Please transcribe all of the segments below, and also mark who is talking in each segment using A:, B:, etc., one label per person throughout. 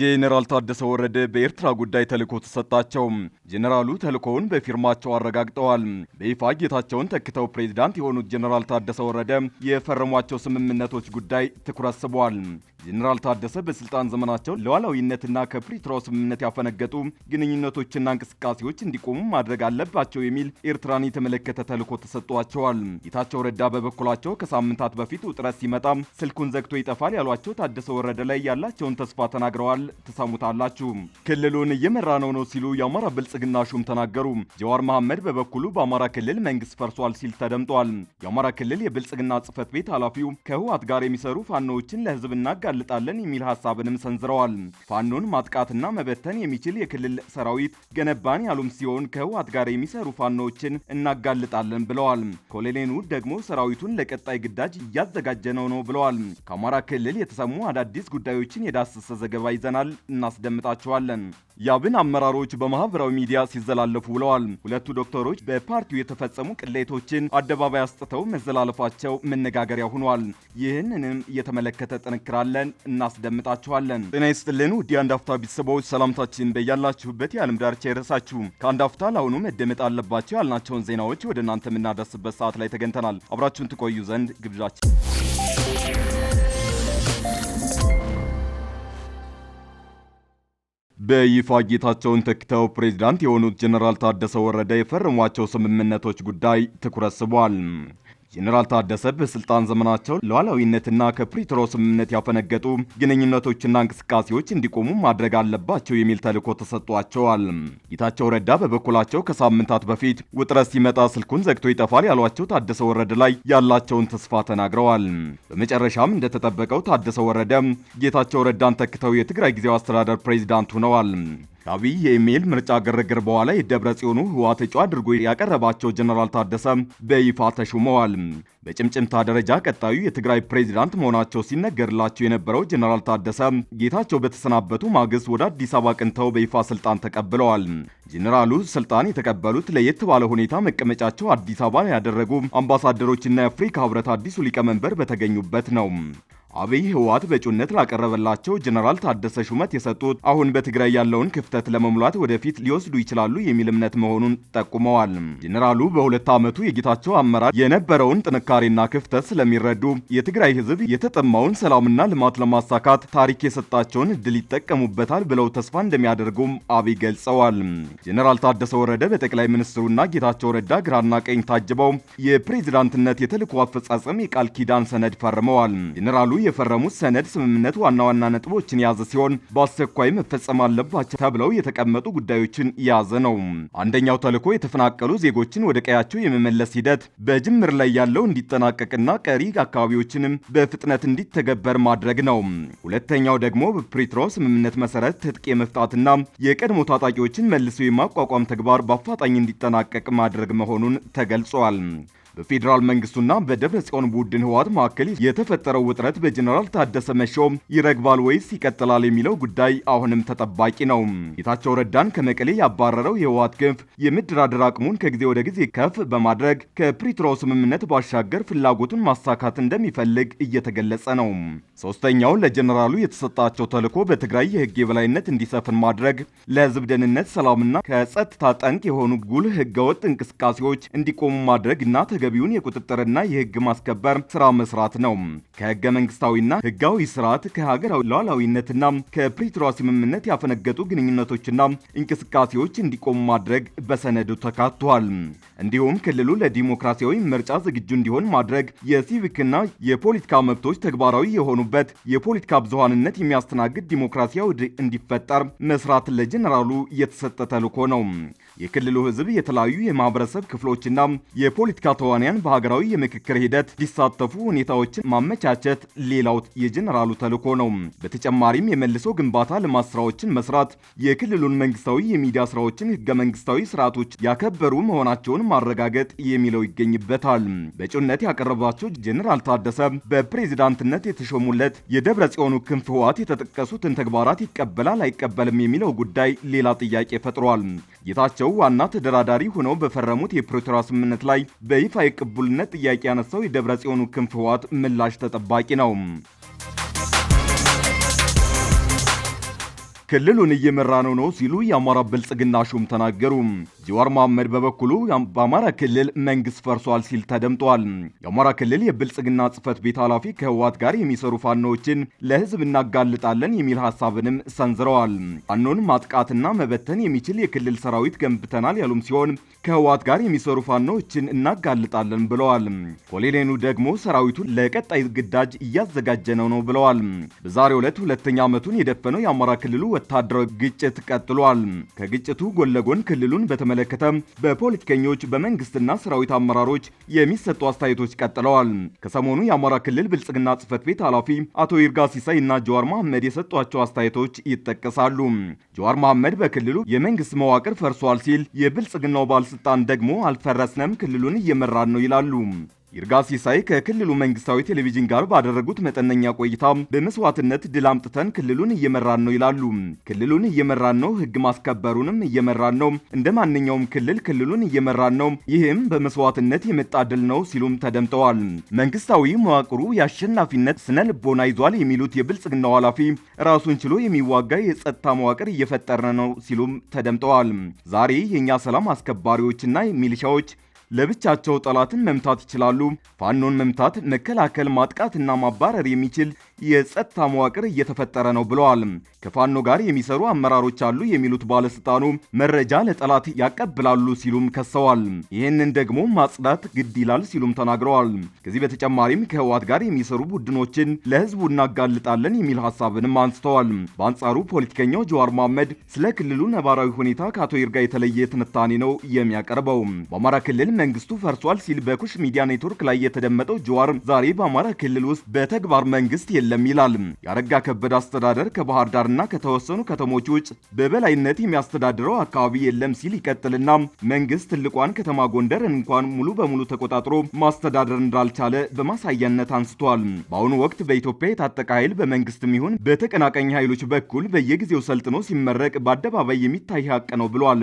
A: ጄኔራል ታደሰ ወረደ በኤርትራ ጉዳይ ተልእኮ ተሰጣቸው። ጄኔራሉ ተልእኮውን በፊርማቸው አረጋግጠዋል። በይፋ ጌታቸውን ተክተው ፕሬዚዳንት የሆኑት ጄኔራል ታደሰ ወረደ የፈረሟቸው ስምምነቶች ጉዳይ ትኩረት ስቧል። ጄኔራል ታደሰ በስልጣን ዘመናቸው ለዋላዊነትና ከፕሪቶሪያው ስምምነት ያፈነገጡ ግንኙነቶችና እንቅስቃሴዎች እንዲቆሙ ማድረግ አለባቸው የሚል ኤርትራን የተመለከተ ተልእኮ ተሰጥቷቸዋል። ጌታቸው ረዳ በበኩላቸው ከሳምንታት በፊት ውጥረት ሲመጣ ስልኩን ዘግቶ ይጠፋል ያሏቸው ታደሰ ወረደ ላይ ያላቸውን ተስፋ ተናግረዋል። ትሰሙታላችሁ። ክልሉን እየመራ ነው ነው ሲሉ የአማራ ብልጽግና ሹም ተናገሩ። ጀዋር መሐመድ በበኩሉ በአማራ ክልል መንግስት ፈርሷል ሲል ተደምጧል። የአማራ ክልል የብልጽግና ጽህፈት ቤት ኃላፊው ከህወሓት ጋር የሚሰሩ ፋኖዎችን ለህዝብ እናጋልጣለን የሚል ሀሳብንም ሰንዝረዋል። ፋኖን ማጥቃትና መበተን የሚችል የክልል ሰራዊት ገነባን ያሉም ሲሆን ከህወሓት ጋር የሚሰሩ ፋኖዎችን እናጋልጣለን ብለዋል። ኮሎኔሉ ደግሞ ሰራዊቱን ለቀጣይ ግዳጅ እያዘጋጀ ነው ነው ብለዋል። ከአማራ ክልል የተሰሙ አዳዲስ ጉዳዮችን የዳሰሰ ዘገባ ይዘናል። ይዘናል፣ እናስደምጣቸዋለን። የአብን አመራሮች በማህበራዊ ሚዲያ ሲዘላለፉ ውለዋል። ሁለቱ ዶክተሮች በፓርቲው የተፈጸሙ ቅሌቶችን አደባባይ አስጥተው መዘላለፋቸው መነጋገሪያ ሆኗል። ይህንንም እየተመለከተ ጥንክራለን እናስደምጣቸዋለን። ጤና ይስጥልን ውድ የአንድ አፍታ ቤተሰቦች ሰላምታችን በያላችሁበት የዓለም ዳርቻ ይድረሳችሁ። ከአንድ አፍታ ለአሁኑ መደመጥ አለባቸው ያልናቸውን ዜናዎች ወደ እናንተ የምናደርስበት ሰዓት ላይ ተገኝተናል። አብራችሁን ትቆዩ ዘንድ ግብዣችን በይፋ ጌታቸውን ተክተው ፕሬዚዳንት የሆኑት ጀነራል ታደሰ ወረደ የፈረሟቸው ስምምነቶች ጉዳይ ትኩረት ስቧል። ጄኔራል ታደሰ በስልጣን ዘመናቸው ሉዓላዊነትና ከፕሪቶሪያው ስምምነት ያፈነገጡ ግንኙነቶችና እንቅስቃሴዎች እንዲቆሙ ማድረግ አለባቸው የሚል ተልዕኮ ተሰጥቷቸዋል። ጌታቸው ረዳ በበኩላቸው ከሳምንታት በፊት ውጥረት ሲመጣ ስልኩን ዘግቶ ይጠፋል ያሏቸው ታደሰ ወረደ ላይ ያላቸውን ተስፋ ተናግረዋል። በመጨረሻም እንደተጠበቀው ታደሰ ወረደ ጌታቸው ረዳን ተክተው የትግራይ ጊዜያዊ አስተዳደር ፕሬዚዳንት ሆነዋል። ካቢ የኢሜይል ምርጫ ግርግር በኋላ የደብረ ጽዮኑ ህወሓት እጩ አድርጎ ያቀረባቸው ጀነራል ታደሰ በይፋ ተሹመዋል። በጭምጭምታ ደረጃ ቀጣዩ የትግራይ ፕሬዚዳንት መሆናቸው ሲነገርላቸው የነበረው ጀነራል ታደሰ ጌታቸው በተሰናበቱ ማግስት ወደ አዲስ አበባ ቅንተው በይፋ ስልጣን ተቀብለዋል። ጀነራሉ ስልጣን የተቀበሉት ለየት ባለ ሁኔታ መቀመጫቸው አዲስ አበባ ያደረጉ አምባሳደሮችና የአፍሪካ ህብረት አዲሱ ሊቀመንበር በተገኙበት ነው። አብይ ህወሓት በእጩነት ላቀረበላቸው ጀነራል ታደሰ ሹመት የሰጡት አሁን በትግራይ ያለውን ክፍተት ለመሙላት ወደፊት ሊወስዱ ይችላሉ የሚል እምነት መሆኑን ጠቁመዋል። ጀነራሉ በሁለት ዓመቱ የጌታቸው አመራር የነበረውን ጥንካሬና ክፍተት ስለሚረዱ የትግራይ ህዝብ የተጠማውን ሰላምና ልማት ለማሳካት ታሪክ የሰጣቸውን እድል ይጠቀሙበታል ብለው ተስፋ እንደሚያደርጉም አብይ ገልጸዋል። ጀነራል ታደሰ ወረደ በጠቅላይ ሚኒስትሩና ጌታቸው ረዳ ግራና ቀኝ ታጅበው የፕሬዚዳንትነት የተልዕኮ አፈጻጸም የቃል ኪዳን ሰነድ ፈርመዋል። ጀነራሉ የፈረሙት ሰነድ ስምምነት ዋና ዋና ነጥቦችን የያዘ ሲሆን በአስቸኳይ መፈጸም አለባቸው ተብለው የተቀመጡ ጉዳዮችን የያዘ ነው። አንደኛው ተልዕኮ የተፈናቀሉ ዜጎችን ወደ ቀያቸው የመመለስ ሂደት በጅምር ላይ ያለው እንዲጠናቀቅና ቀሪ አካባቢዎችንም በፍጥነት እንዲተገበር ማድረግ ነው። ሁለተኛው ደግሞ በፕሪትሮ ስምምነት መሰረት ትጥቅ የመፍታትና የቀድሞ ታጣቂዎችን መልሶ የማቋቋም ተግባር በአፋጣኝ እንዲጠናቀቅ ማድረግ መሆኑን ተገልጿል። በፌዴራል መንግስቱና በደብረ ጽዮን ቡድን ህወሓት መካከል የተፈጠረው ውጥረት በጀነራል ታደሰ መሾም ይረግባል ወይስ ይቀጥላል የሚለው ጉዳይ አሁንም ተጠባቂ ነው። ጌታቸው ረዳን ከመቀሌ ያባረረው የህወሓት ክንፍ የመደራደር አቅሙን ከጊዜ ወደ ጊዜ ከፍ በማድረግ ከፕሪቶሪያው ስምምነት ባሻገር ፍላጎቱን ማሳካት እንደሚፈልግ እየተገለጸ ነው። ሶስተኛው ለጀኔራሉ የተሰጣቸው ተልዕኮ በትግራይ የህግ የበላይነት እንዲሰፍን ማድረግ፣ ለህዝብ ደህንነት ሰላምና ከጸጥታ ጠንቅ የሆኑ ጉልህ ህገወጥ እንቅስቃሴዎች እንዲቆሙ ማድረግ እና ተገቢውን የቁጥጥርና የህግ ማስከበር ስራ መስራት ነው። ከህገ መንግስታዊና ህጋዊ ስርዓት ከሀገራዊ ሉዓላዊነትና ከፕሪቶሪያ ስምምነት ያፈነገጡ ግንኙነቶችና እንቅስቃሴዎች እንዲቆሙ ማድረግ በሰነዱ ተካቷል። እንዲሁም ክልሉ ለዲሞክራሲያዊ ምርጫ ዝግጁ እንዲሆን ማድረግ የሲቪክና የፖለቲካ መብቶች ተግባራዊ የሆኑበት የፖለቲካ ብዙሃንነት የሚያስተናግድ ዲሞክራሲያዊ እንዲፈጠር መስራት ለጀኔራሉ የተሰጠ ተልዕኮ ነው። የክልሉ ህዝብ የተለያዩ የማህበረሰብ ክፍሎችና የፖለቲካ ተዋንያን በሀገራዊ የምክክር ሂደት እንዲሳተፉ ሁኔታዎችን ማመቻቸት ሌላው የጀኔራሉ ተልዕኮ ነው። በተጨማሪም የመልሶ ግንባታ ልማት ስራዎችን መስራት፣ የክልሉን መንግስታዊ የሚዲያ ስራዎችን ህገ መንግስታዊ ስርዓቶች ያከበሩ መሆናቸውን ማረጋገጥ የሚለው ይገኝበታል። በእጩነት ያቀረባቸው ጀኔራል ታደሰ በፕሬዚዳንትነት የተሾሙለት የደብረ ጽዮኑ ክንፍ ህወሓት የተጠቀሱትን ተግባራት ይቀበላል አይቀበልም የሚለው ጉዳይ ሌላ ጥያቄ ፈጥሯል። ጌታቸው ጨምሮ ዋና ተደራዳሪ ሆነው በፈረሙት የፕሪቶሪያ ስምምነት ላይ በይፋ የቅቡልነት ጥያቄ ያነሳው የደብረ ጽዮኑ ክንፍ ህወሓት ምላሽ ተጠባቂ ነው። ክልሉን እየመራ ነው ነው ሲሉ የአማራ ብልጽግና ሹም ተናገሩ። ዚዋር መሐመድ በበኩሉ በአማራ ክልል መንግስት ፈርሷል ሲል ተደምጧል። የአማራ ክልል የብልጽግና ጽህፈት ቤት ኃላፊ ከህወሓት ጋር የሚሰሩ ፋኖዎችን ለህዝብ እናጋልጣለን የሚል ሀሳብንም ሰንዝረዋል። ፋኖን ማጥቃትና መበተን የሚችል የክልል ሰራዊት ገንብተናል ያሉም ሲሆን ከህወሓት ጋር የሚሰሩ ፋኖዎችን እናጋልጣለን ብለዋል። ኮሎኔሉ ደግሞ ሰራዊቱን ለቀጣይ ግዳጅ እያዘጋጀ ነው ነው ብለዋል። በዛሬው ዕለት ሁለተኛ ዓመቱን የደፈነው የአማራ ክልሉ ወታደራዊ ግጭት ቀጥሏል። ከግጭቱ ጎን ለጎን ክልሉን በተመለከተ በፖለቲከኞች በመንግስትና ሰራዊት አመራሮች የሚሰጡ አስተያየቶች ቀጥለዋል። ከሰሞኑ የአማራ ክልል ብልጽግና ጽህፈት ቤት ኃላፊ አቶ ይርጋ ሲሳይ እና ጀዋር መሐመድ የሰጧቸው አስተያየቶች ይጠቀሳሉ። ጀዋር መሐመድ በክልሉ የመንግስት መዋቅር ፈርሷል ሲል፣ የብልጽግናው ባለስልጣን ደግሞ አልፈረስነም ክልሉን እየመራን ነው ይላሉ። ይርጋ ሲሳይ ከክልሉ መንግስታዊ ቴሌቪዥን ጋር ባደረጉት መጠነኛ ቆይታ በመስዋዕትነት ድል አምጥተን ክልሉን እየመራን ነው ይላሉ። ክልሉን እየመራን ነው፣ ህግ ማስከበሩንም እየመራን ነው፣ እንደ ማንኛውም ክልል ክልሉን እየመራን ነው። ይህም በመስዋዕትነት የመጣ ድል ነው ሲሉም ተደምጠዋል። መንግስታዊ መዋቅሩ የአሸናፊነት ስነ ልቦና ይዟል የሚሉት የብልጽግናው ኃላፊ ራሱን ችሎ የሚዋጋ የጸጥታ መዋቅር እየፈጠረ ነው ሲሉም ተደምጠዋል። ዛሬ የእኛ ሰላም አስከባሪዎችና ሚሊሻዎች ለብቻቸው ጠላትን መምታት ይችላሉ። ፋኖን መምታት፣ መከላከል፣ ማጥቃትና ማባረር የሚችል የጸጥታ መዋቅር እየተፈጠረ ነው ብለዋል። ከፋኖ ጋር የሚሰሩ አመራሮች አሉ የሚሉት ባለስልጣኑ መረጃ ለጠላት ያቀብላሉ ሲሉም ከሰዋል። ይህንን ደግሞ ማጽዳት ግድ ይላል ሲሉም ተናግረዋል። ከዚህ በተጨማሪም ከህዋት ጋር የሚሰሩ ቡድኖችን ለህዝቡ እናጋልጣለን የሚል ሀሳብንም አንስተዋል። በአንጻሩ ፖለቲከኛው ጀዋር መሐመድ ስለ ክልሉ ነባራዊ ሁኔታ ከአቶ ይርጋ የተለየ ትንታኔ ነው የሚያቀርበው። በአማራ ክልል መንግስቱ ፈርሷል ሲል በኩሽ ሚዲያ ኔትወርክ ላይ የተደመጠው ጀዋር ዛሬ በአማራ ክልል ውስጥ በተግባር መንግስት የለ የለም ይላል። የአረጋ ከበደ አስተዳደር ከባህር ዳርና ከተወሰኑ ከተሞች ውጭ በበላይነት የሚያስተዳድረው አካባቢ የለም ሲል ይቀጥልና መንግስት ትልቋን ከተማ ጎንደር እንኳን ሙሉ በሙሉ ተቆጣጥሮ ማስተዳደር እንዳልቻለ በማሳያነት አንስቷል። በአሁኑ ወቅት በኢትዮጵያ የታጠቀ ኃይል በመንግስትም ይሁን በተቀናቃኝ ኃይሎች በኩል በየጊዜው ሰልጥኖ ሲመረቅ በአደባባይ የሚታይ ሀቅ ነው ብሏል።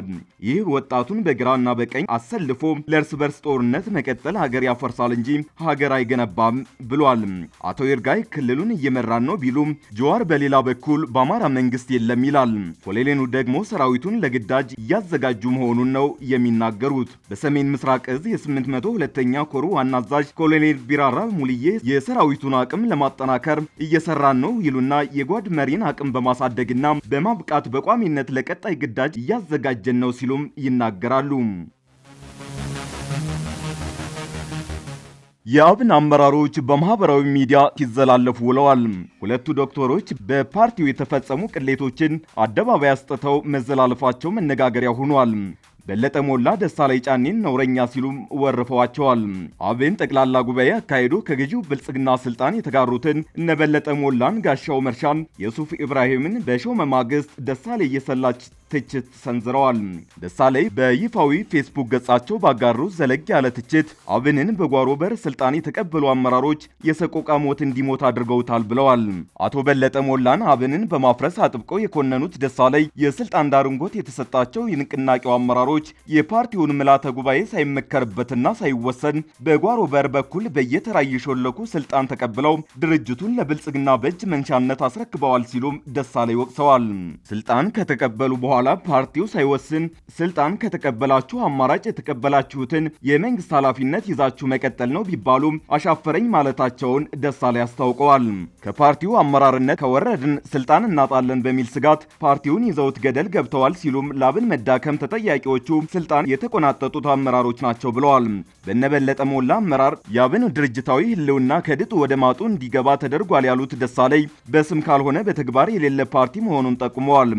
A: ይህ ወጣቱን በግራና በቀኝ አሰልፎ ለእርስ በርስ ጦርነት መቀጠል ሀገር ያፈርሳል እንጂ ሀገር አይገነባም ብሏል። አቶ ይርጋይ ክልሉን እየመራን ነው ቢሉም ጀዋር በሌላ በኩል በአማራ መንግስት የለም ይላል። ኮሎኔሉ ደግሞ ሰራዊቱን ለግዳጅ እያዘጋጁ መሆኑን ነው የሚናገሩት። በሰሜን ምስራቅ እዝ የ802ኛ ኮሩ ዋና አዛዥ ኮሎኔል ቢራራ ሙልዬ የሰራዊቱን አቅም ለማጠናከር እየሰራን ነው ይሉና የጓድ መሪን አቅም በማሳደግና በማብቃት በቋሚነት ለቀጣይ ግዳጅ እያዘጋጀን ነው ሲሉም ይናገራሉ። የአብን አመራሮች በማህበራዊ ሚዲያ ሲዘላለፉ ውለዋል። ሁለቱ ዶክተሮች በፓርቲው የተፈጸሙ ቅሌቶችን አደባባይ አስጥተው መዘላለፋቸው መነጋገሪያ ሆኗል። በለጠ ሞላ ደሳለኝ ጫኔን ነውረኛ ሲሉም ወርፈዋቸዋል። አብን ጠቅላላ ጉባኤ አካሄዶ ከገዢው ብልጽግና ስልጣን የተጋሩትን እነ በለጠ ሞላን፣ ጋሻው መርሻን፣ የሱፍ ኢብራሂምን በሾመ ማግስት ደሳለኝ እየሰላች ትችት ሰንዝረዋል። ደሳለኝ በይፋዊ ፌስቡክ ገጻቸው ባጋሩ ዘለግ ያለ ትችት አብንን በጓሮ በር ስልጣን የተቀበሉ አመራሮች የሰቆቃ ሞት እንዲሞት አድርገውታል ብለዋል። አቶ በለጠ ሞላን አብንን በማፍረስ አጥብቀው የኮነኑት ደሳለኝ የስልጣን ዳርንጎት የተሰጣቸው የንቅናቄው አመራሮች የፓርቲውን ምላተ ጉባኤ ሳይመከርበትና ሳይወሰን በጓሮ በር በኩል በየተራ እየሾለኩ ስልጣን ተቀብለው ድርጅቱን ለብልጽግና በእጅ መንሻነት አስረክበዋል ሲሉም ደሳለኝ ወቅሰዋል። ስልጣን ከተቀበሉ በኋላ በኋላ ፓርቲው ሳይወስን ስልጣን ከተቀበላችሁ አማራጭ የተቀበላችሁትን የመንግስት ኃላፊነት ይዛችሁ መቀጠል ነው ቢባሉም አሻፈረኝ ማለታቸውን ደሳለኝ አስታውቀዋል። ከፓርቲው አመራርነት ከወረድን ስልጣን እናጣለን በሚል ስጋት ፓርቲውን ይዘውት ገደል ገብተዋል ሲሉም ለአብን መዳከም ተጠያቂዎቹ ስልጣን የተቆናጠጡት አመራሮች ናቸው ብለዋል። በነበለጠ ሞላ አመራር የአብን ድርጅታዊ ህልውና ከድጡ ወደ ማጡ እንዲገባ ተደርጓል ያሉት ደሳለኝ በስም ካልሆነ በተግባር የሌለ ፓርቲ መሆኑን ጠቁመዋል።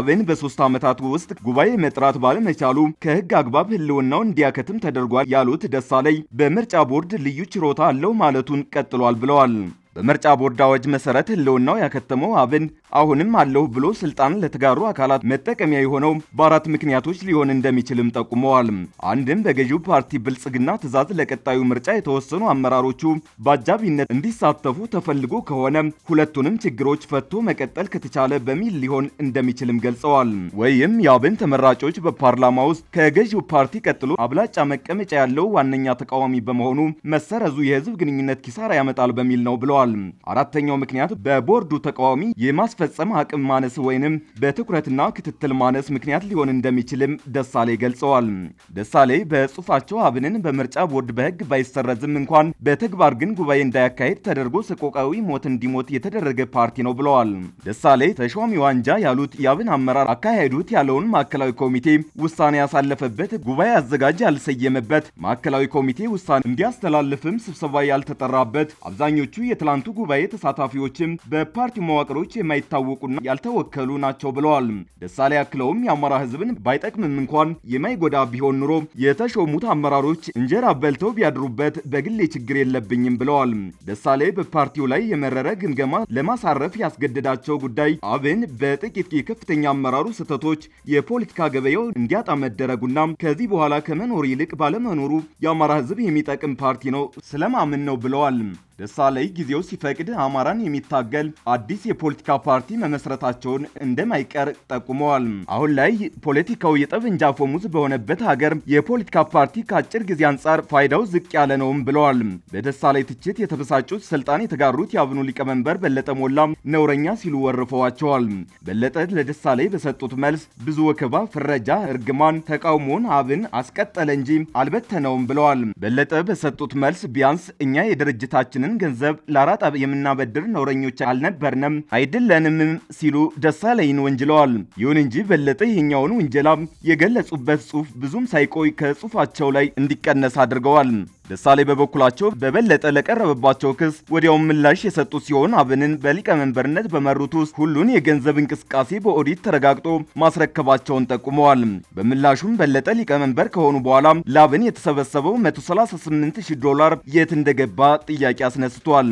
A: አብን በሶስት ዓመታት ውስጥ ጉባኤ መጥራት ባለመቻሉ ከህግ አግባብ ህልውናው እንዲያከትም ተደርጓል ያሉት ደሳለኝ በምርጫ ቦርድ ልዩ ችሮታ አለው ማለቱን ቀጥሏል ብለዋል። በምርጫ ቦርድ አዋጅ መሰረት ህልውናው ያከተመው አብን አሁንም አለሁ ብሎ ስልጣን ለተጋሩ አካላት መጠቀሚያ የሆነው በአራት ምክንያቶች ሊሆን እንደሚችልም ጠቁመዋል። አንድም በገዢው ፓርቲ ብልጽግና ትዕዛዝ ለቀጣዩ ምርጫ የተወሰኑ አመራሮቹ በአጃቢነት እንዲሳተፉ ተፈልጎ ከሆነ ሁለቱንም ችግሮች ፈቶ መቀጠል ከተቻለ በሚል ሊሆን እንደሚችልም ገልጸዋል። ወይም የአብን ተመራጮች በፓርላማ ውስጥ ከገዢው ፓርቲ ቀጥሎ አብላጫ መቀመጫ ያለው ዋነኛ ተቃዋሚ በመሆኑ መሰረዙ የህዝብ ግንኙነት ኪሳራ ያመጣል በሚል ነው ብለዋል። አራተኛው ምክንያት በቦርዱ ተቃዋሚ የማስፈ የማስፈጸም አቅም ማነስ ወይንም በትኩረትና ክትትል ማነስ ምክንያት ሊሆን እንደሚችልም ደሳሌ ገልጸዋል። ደሳሌ በጽሁፋቸው አብንን በምርጫ ቦርድ በህግ ባይሰረዝም እንኳን በተግባር ግን ጉባኤ እንዳያካሄድ ተደርጎ ሰቆቃዊ ሞት እንዲሞት የተደረገ ፓርቲ ነው ብለዋል። ደሳሌ ተሿሚ ዋንጃ ያሉት የአብን አመራር አካሄዱት ያለውን ማዕከላዊ ኮሚቴ ውሳኔ ያሳለፈበት ጉባኤ አዘጋጅ ያልሰየመበት ማዕከላዊ ኮሚቴ ውሳኔ እንዲያስተላልፍም ስብሰባ ያልተጠራበት አብዛኞቹ የትላንቱ ጉባኤ ተሳታፊዎችም በፓርቲ መዋቅሮች የማይታ ያልታወቁና ያልተወከሉ ናቸው ብለዋል። ደሳሌ አክለውም የአማራ ህዝብን ባይጠቅምም እንኳን የማይጎዳ ቢሆን ኑሮ የተሾሙት አመራሮች እንጀራ በልተው ቢያድሩበት በግሌ ችግር የለብኝም ብለዋል። ደሳሌ በፓርቲው ላይ የመረረ ግምገማ ለማሳረፍ ያስገደዳቸው ጉዳይ አብን በጥቂት የከፍተኛ አመራሩ ስህተቶች የፖለቲካ ገበያው እንዲያጣ መደረጉና ከዚህ በኋላ ከመኖር ይልቅ ባለመኖሩ የአማራ ህዝብ የሚጠቅም ፓርቲ ነው ስለማምን ነው ብለዋል። ደሳለኝ ጊዜው ሲፈቅድ አማራን የሚታገል አዲስ የፖለቲካ ፓርቲ መመስረታቸውን እንደማይቀር ጠቁመዋል። አሁን ላይ ፖለቲካው የጠብንጃ ፎሙዝ በሆነበት ሀገር የፖለቲካ ፓርቲ ከአጭር ጊዜ አንጻር ፋይዳው ዝቅ ያለ ነውም ብለዋል። በደሳለኝ ትችት የተበሳጩት ስልጣን የተጋሩት የአብኑ ሊቀመንበር በለጠ ሞላ ነውረኛ ሲሉ ወርፈዋቸዋል። በለጠ ለደሳለኝ በሰጡት መልስ ብዙ ወከባ፣ ፍረጃ፣ እርግማን፣ ተቃውሞን አብን አስቀጠለ እንጂ አልበተነውም ብለዋል። በለጠ በሰጡት መልስ ቢያንስ እኛ የድርጅታችን ያገኘናችንን ገንዘብ ለአራጣ የምናበድር ነውረኞች አልነበርንም አይደለንም ሲሉ ደሳለኝን ወንጅለዋል። ይሁን እንጂ በለጠ ይሄኛውን ውንጀላ የገለጹበት ጽሁፍ ብዙም ሳይቆይ ከጽሁፋቸው ላይ እንዲቀነስ አድርገዋል። ደሳሌ በበኩላቸው በበለጠ ለቀረበባቸው ክስ ወዲያውም ምላሽ የሰጡ ሲሆን አብንን በሊቀመንበርነት በመሩት ውስጥ ሁሉን የገንዘብ እንቅስቃሴ በኦዲት ተረጋግጦ ማስረከባቸውን ጠቁመዋል። በምላሹም በለጠ ሊቀመንበር ከሆኑ በኋላ ለአብን የተሰበሰበው 138 ሺህ ዶላር የት እንደገባ ጥያቄ አስነስቷል።